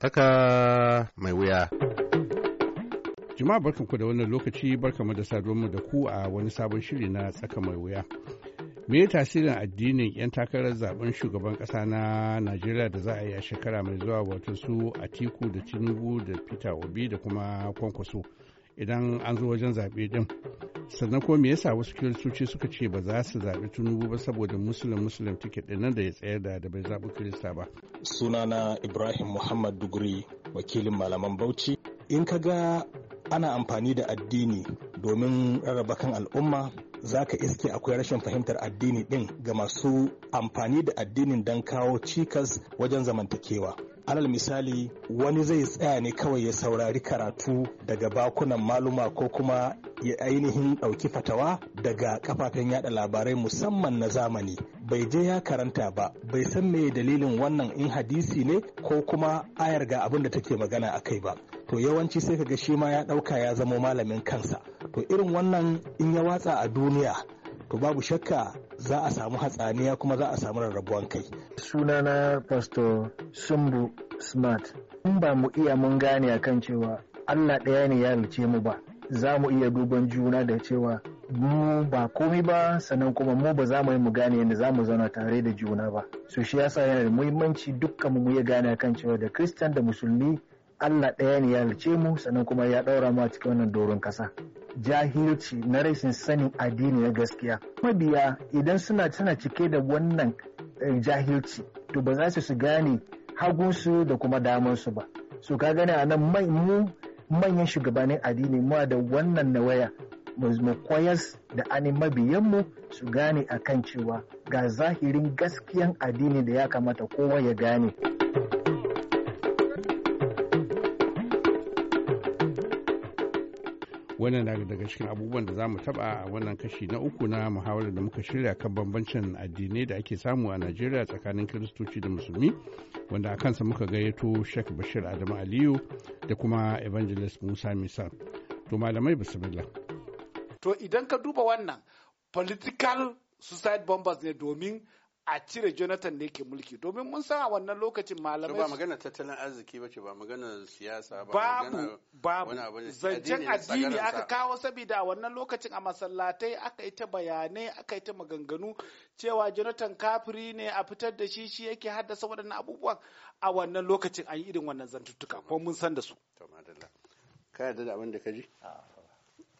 Tsaka mai wuya. Jama'a barkanku da wannan lokaci barkanmu da saduwarmu da ku a wani sabon shiri na tsaka mai wuya. Me tasirin addinin 'yan takarar zaben shugaban ƙasa na Najeriya da za a yi a shekara mai zuwa wato su Atiku da Tinubu da Peter Obi da kuma Kwankwaso. idan an zo wajen zaɓe din sannan ko me yasa wasu kiristoci suka ce ba za su zaɓi tunubu ba saboda musulun musulun tiket ɗin nan da ya tsayar da da bai zaɓi kirista ba Suna na ibrahim muhammad duguri wakilin malaman bauchi in ka ga ana amfani da addini domin rarraba kan al'umma za ka iske akwai rashin fahimtar addini ɗin ga masu amfani da addinin don kawo cikas wajen zamantakewa alal misali wani zai tsaya ne kawai ya saurari karatu daga bakunan maluma ko kuma ya ainihin ɗauki fatawa daga kafafen yada labarai musamman na zamani bai je ya karanta ba bai san me dalilin wannan in hadisi ne ko kuma ayar ga abin da take magana a kai ba to yawanci sai kaga shi ma ya ɗauka ya zama malamin kansa to irin wannan in ya watsa a duniya to babu shakka za a samu hatsaniya kuma za a samu rarrabuwan kai sunana pastor sumbu smart in ba mu iya mun gane a kan cewa allah ɗaya ne ya halice mu ba za mu iya duban juna da cewa mu ba komi ba sannan kuma mu ba za mu yi mu gane yadda za mu zauna tare da juna ba so shi yasa yana da muhimmanci dukkan mu ya gane a kan cewa da kristan da musulmi Allah ɗaya ne ya halice mu sannan kuma ya ɗaura mu a cikin wannan doron ƙasa. Jahilci na rashin sanin addini na gaskiya. Mabiya idan suna tana cike da wannan eh, jahilci to ba za su su gane hagunsu da kuma damansu ba. So ka gane a nan mu manyan shugabannin addini mu da wannan nawaya mu koyas da ani mabiyanmu su gane akan cewa ga zahirin gaskiyan addini da ya kamata kowa ya gane. wannan na daga cikin abubuwan da za mu taba a wannan kashi na uku na muhawarar da muka shirya kan bambancin addinai da ake samu a najeriya tsakanin kiristoci da musulmi wanda a kansa muka gayyato sheikh bashir adamu aliyu da kuma evangelist musa misa to malamai bismillah to idan ka duba wannan political suicide bombers ne domin a cire jonathan ne ke mulki domin mun san a wannan lokacin malamai ba magana tattalin arziki ba ce ba magana siyasa ba babu babu zancen addini aka kawo saboda a wannan lokacin a masallatai aka yi ta bayanai aka yi ta maganganu cewa jonathan kafiri ne a fitar da shi shi yake haddasa waɗannan abubuwan a wannan lokacin an yi irin wannan zantuttuka ko mun san da su to madalla da abin da ka ji ah.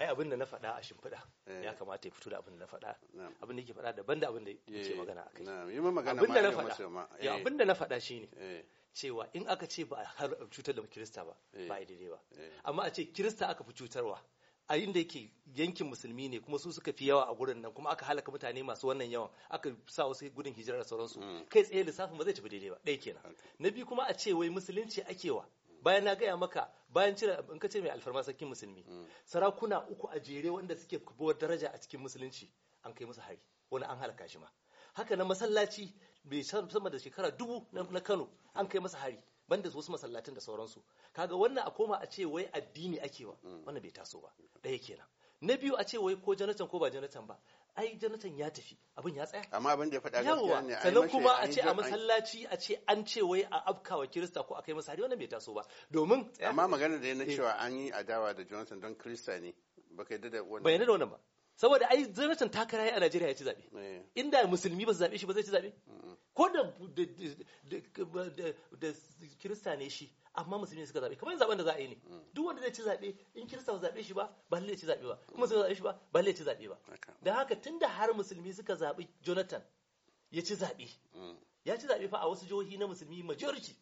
ai abin da na faɗa a shimfiɗa eh. ya kamata ya fito da abin da na faɗa abin da yake faɗa daban da abin da yake eh. magana kai abin da na faɗa ya eh. abin da na faɗa shine cewa in aka ce ba har cutar da kirista ba ba a daidai ba amma a ce kirista aka fi cutarwa a inda yake yankin musulmi ne kuma su suka fi yawa a gurin nan kuma aka halaka mutane masu wannan yawan aka sa wasu gudun hijira da sauransu mm. kai tsaye lissafin ba zai tafi daidai ba ɗaya kenan na biyu kuma a ce wai musulunci ake wa bayan na gaya maka bayan cire in ka ce mai alfarma sarkin musulmi mm. sarakuna uku a jere wanda suke kubuwar daraja a cikin musulunci an kai musu hari wani an halaka shi ma haka na masallaci bai sama da shekara dubu na Kano an kai masa hari banda wasu masallatin da sauransu kaga wannan a koma a ce wai addini ake wa mm. wannan bai taso ba ɗaya kenan na biyu a ce wai ko janatan ko ba janatan ba ai janatan ya tafi abin ya tsaya amma abin da ya faɗa gaskiya ne ai sannan kuma a ce a masallaci a ce an ce wai a afkawa Kirista ko akai masari wannan bai taso ba domin amma magana da yana eh. cewa an yi adawa da janatan don Kirista ne baka yadda da wannan bai yadda da wannan ba saboda ai janatan ta takara a Najeriya ya ci zabe eh. inda musulmi ba su zabe shi ba zai ci zabe mm. ko da kirista ne shi amma musulmi suka zaɓe kamar zaɓen da za a yi ne mm. duk wanda zai ci zaɓe in kirista ba zaɓe shi ba ba zai ci zaɓe ba kuma zai zaɓe shi ba ba zai ci zaɓe ba da haka tunda har musulmi suka zaɓi Jonathan ya ci zaɓe mm. ya ci zaɓe fa a wasu jihohi na musulmi majority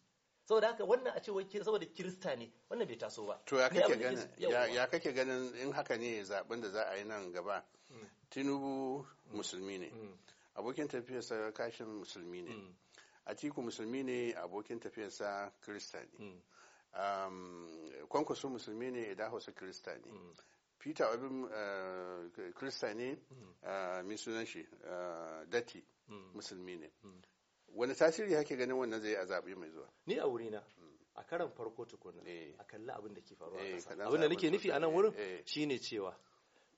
saboda haka wannan a ce wai saboda kirista ne wannan bai taso ba to ya kake ganin ya kake ganin in haka ne zaɓen da za a yi nan gaba mm. Tinubu musulmi ne abokin tafiyarsa kashin musulmi ne mm. atiku musulmi ne abokin tafiyarsa kirista ne mm. um, kwankwaso musulmi ne su kirista ne mm. peter abin uh, kirista ne uh, mai sunan shi uh, dati musulmi ne wani tasiri hake ganin wannan zai a zaɓe mai zuwa ni a wurina a karan farko tukuna eh. a kalli abin da ke faruwa a eh, ƙasa abin da nake nufi a nan wurin eh. shine cewa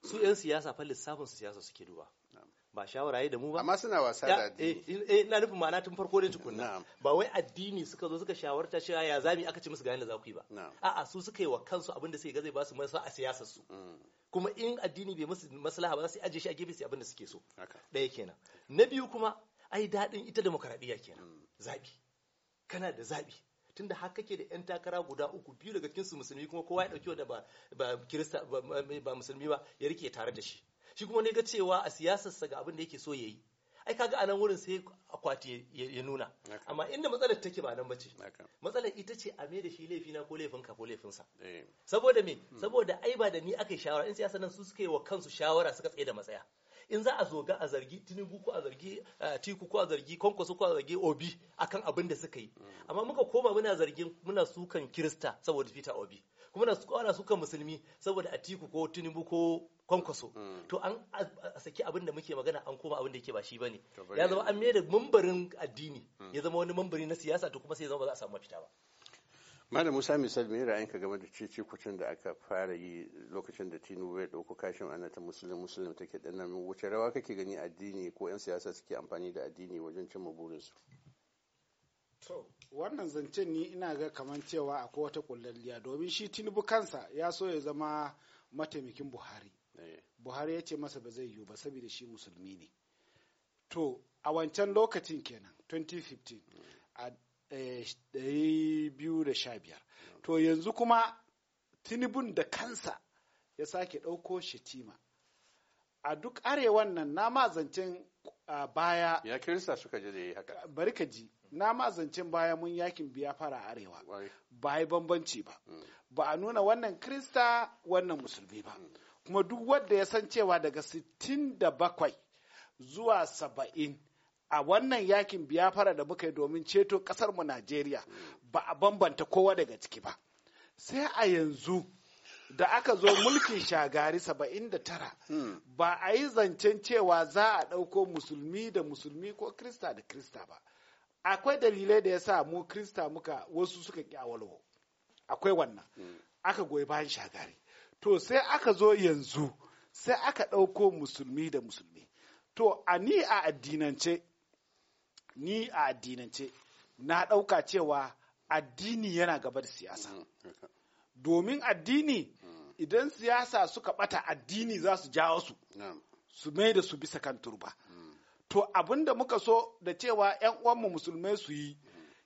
su 'yan siyasa fa lissafin su siyasa suke duba ba shawara da mu ba amma suna wasa da addini eh, eh ina nufin ma'ana tun farko da tukunna ba wai addini suka zo suka shawarta cewa ya zami aka ci musu ga yanda za ku yi ba a'a su suka yi wa kansu abin da suke ga zai ba su masa a siyasar su mm. kuma in addini bai musu maslaha ba za su aje shi a gefe su abin da suke so Daya kenan na biyu kuma ai daɗin ita demokaradiyya kenan mm. zabi kana da zabi tunda har kake da yan takara guda uku biyu daga cikin su musulmi kuma kowa ya dauki wanda ba ba kirista ba musulmi ba ya rike tare da shi shi kuma ne ga cewa a siyasarsa ga abin da yake so yayi yi ai kaga a wurin sai akwati ya nuna amma inda matsalar take ba nan bace matsalar ita ce a da shi laifi na ko laifin ka ko laifin sa eh. saboda me hmm. saboda ai ba da ni aka shawara in siyasa nan su suka yi wa kansu shawara suka tsaye da matsaya in za a zoga a zargi tinubu ko a zargi eh, tiku ko a zargi kwankwaso ko a zargi obi akan abin da suka yi hmm. amma muka koma muna zargin muna sukan kirista saboda peter obi kuma na ana suka musulmi saboda atiku ko tinubu ko kwankwaso mm. to an saki abin da muke magana an koma abin da yake ba shi bane ya zama an da mambarin addini mm. ya zama wani mambari na siyasa to kuma sai ya zama ba za a samu mafita ba malam musa misal me ra'ayinka game da cece kucin da aka fara yi lokacin da tinubu ya dauko kashin ana ta musulun musulun take dinnan wuce rawa kake gani addini ko yan siyasa suke amfani da addini wajen cimma burinsu To, wannan zancen ni ina ga kamar cewa akwai wata kullalliya domin shi Tinubu kansa ya so ya zama mataimakin Buhari. Eh. Buhari ya ce masa ba zai yiwu ba saboda shi musulmi ne. To, a wancan lokacin kenan 2015 a 2015. Eh, to, yanzu kuma Tinubun da kansa ya sake ɗauko shetima. A duk arewan nan na ma zancen baya. Ya kirista suka je da yi haka. Bari ka ji. na ma zancen baya mun yakin biyafara arewa ba yi bambanci ba mm. ba a nuna wannan krista wannan musulmi ba mm. kuma duk wanda ya san cewa daga 67 zuwa 70 a wannan yakin biyafara da muka yi domin ceto kasar mu najeriya mm. ba a bambanta kowa daga ciki ba sai a yanzu da aka zo mulkin shagari 79 ba a yi zancen cewa za a ɗauko musulmi da musulmi ko krista da krista ba akwai dalilai da ya sa mu krista muka wasu suka ƙi awalwo akwai wannan mm. aka goyi bayan shagari to sai aka zo yanzu sai aka ɗauko musulmi da musulmi to a ni a addinance ni a addinance na ɗauka cewa addini yana gaba da siyasa mm. domin addini mm. idan siyasa suka ɓata addini za su jawo su su mai da su bisa kan turba to abin da muka so da cewa 'yan uwanmu musulmai su yi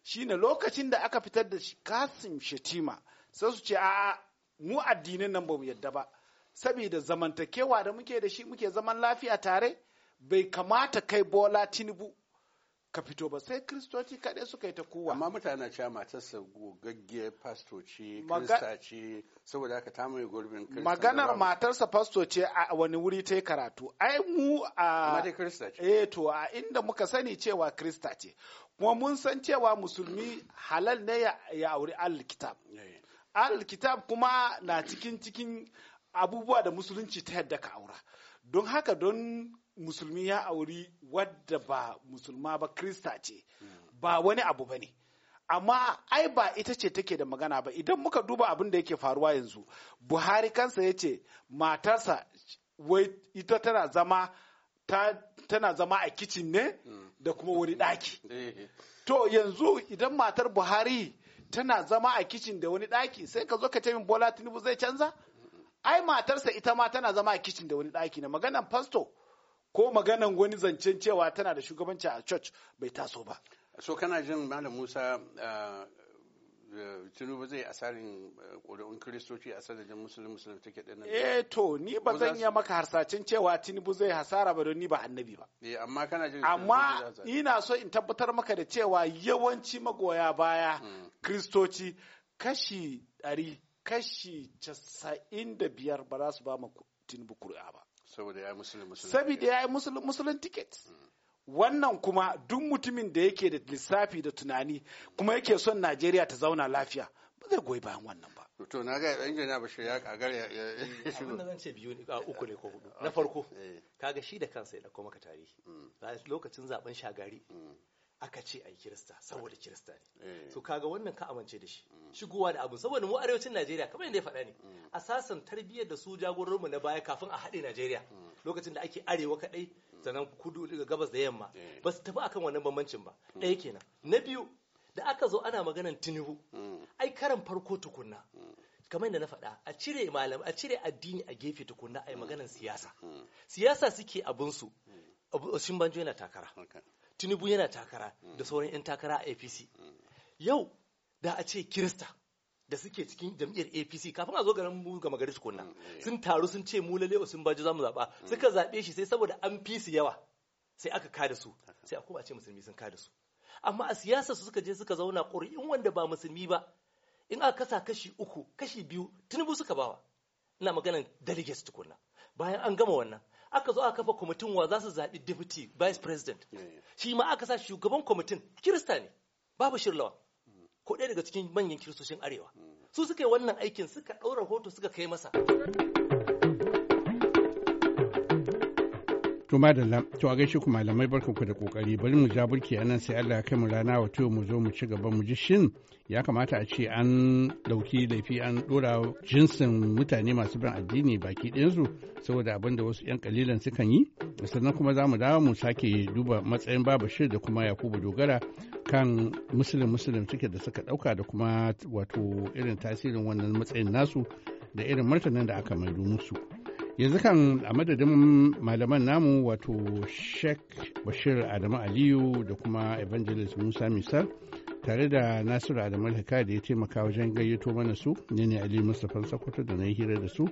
shi ne lokacin da aka fitar da kasim shatima sai su ce a'a mu addinin nan ba mu yadda ba saboda zamantakewa da muke da shi muke zaman lafiya tare bai kamata kai bola tinubu ka fito ba sai kristoci kaɗai suka yi ta kowa. amma mutane cewa matarsa gaggye pastoci krista ce saboda haka ta mai gurbin krista maganar matarsa pastoci a wani wuri ta karatu ai mu a eh to a inda muka sani cewa krista ce kuma mun san cewa musulmi halal ne ya auri alkitab eh. alkitab kuma na cikin cikin abubuwa da musulunci ta yadda ka aura don haka don musulmi ya auri wadda ba musulma ba krista ce ba wani abu ba ne amma ai ba ita ce take da magana ba idan muka duba abin da yake faruwa yanzu buhari kansa ya ce matarsa wai ita tana zama ta, tana zama a kicin ne da kuma wani daki. Eh. to yanzu idan matar buhari tana zama a kicin da wani daki, sai ka zo ka ce min bola tinubu zai canza ai matarsa ita ma tana zama a kicin da wani daki na maganan fasto ko maganan wani zancen cewa tana da shugabanci a church bai taso ba so kana jin malam musa uh, uh, tinubu zai asarin uh, ƙuri'un kiristoci a sadajin musulun musulun take ɗin nan eh to ni ba zan iya maka harsacin cewa tinubu zai hasara ba don ni ba annabi ba eh, amma kana jin amma ina so in tabbatar maka da cewa yawanci magoya baya hmm. kiristoci kashi ɗari kashi casa'in da biyar ba za su ba ma tinubu ƙuri'a ba saboda ya yi musulun ticket wannan kuma duk mutumin da yake da lissafi da tunani kuma yake son najeriya ta zauna lafiya ba zai goyi bayan wannan ba to na ga ɗan jana bashir ya kagar ya shi eh, ne zan biyu a uku ne ko hudu na farko eh. kaga shi da kansa ya dauko maka tarihi mm. lokacin zaben shagari mm. aka ce a yi kirista saboda kirista ne so eh. kaga wannan ka amince da shi mm. shigowa da abu saboda mu arewacin najeriya kamar yadda ya faɗa ne A mm. asasan tarbiyyar da su jagororinmu na baya kafin a haɗe najeriya mm. lokacin da ake arewa kaɗai sannan kudu daga gabas da yamma eh. ba su tafi akan wannan bambancin ba ɗaya kenan na biyu da aka zo ana maganan tinubu ai karan farko tukunna kamar da na faɗa a cire malam a cire addini a gefe tukunna ai maganan siyasa siyasa suke abunsu. shin banjo yana takara tinubu yana takara mm. da sauran 'yan takara a apc yau da a ce kirista da suke cikin jam'iyyar apc kafin a zo garin mu ga magari tukunna mm, sun taru sun ce mu lalle sun baji mu zaba mm. suka zaɓe shi sai saboda an fi su yawa sai aka kada su sai a kuma ce musulmi sun kada su amma a siyasa su suka je suka zauna ƙuri'in wanda ba musulmi ba in aka kasa kashi uku kashi biyu tinubu suka bawa ina maganan delegates tukunna bayan an gama wannan aka zo aka kafa kwamitin wa za su zaɓi deputy vice president shi ma aka sa shugaban kwamitin kirista ne babu shirlawa mm. ko ɗaya daga cikin manyan kiristocin arewa mm. su suka yi wannan aikin suka ɗaura hoto suka kai masa To madalla, to a gaishe ku malamai ku da kokari bari mu ja burki anan sai Allah ya kai mu rana wato mu zo mu ci gaba mu ji shin ya kamata a ce an dauki laifi an dora jinsin mutane masu bin addini baki ɗayansu saboda abin da wasu 'yan kalilan sukan yi sannan kuma za mu dawo mu sake duba matsayin babu shir da kuma yakubu dogara kan musulun musulun suke da suka dauka da kuma wato irin tasirin wannan matsayin nasu da irin martanin da aka maido musu. yanzu kan a madadin malaman namu wato sheikh bashir adamu aliyu da kuma evangelist musa misal tare da nasiru adamu alhaka da ya taimaka wajen gayyato mana su ne ne ali mustapha sakwato da na yi hira da su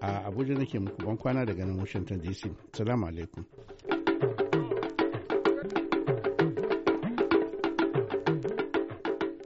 a abuja nake muku ban kwana daga nan washington dc salamu alaikum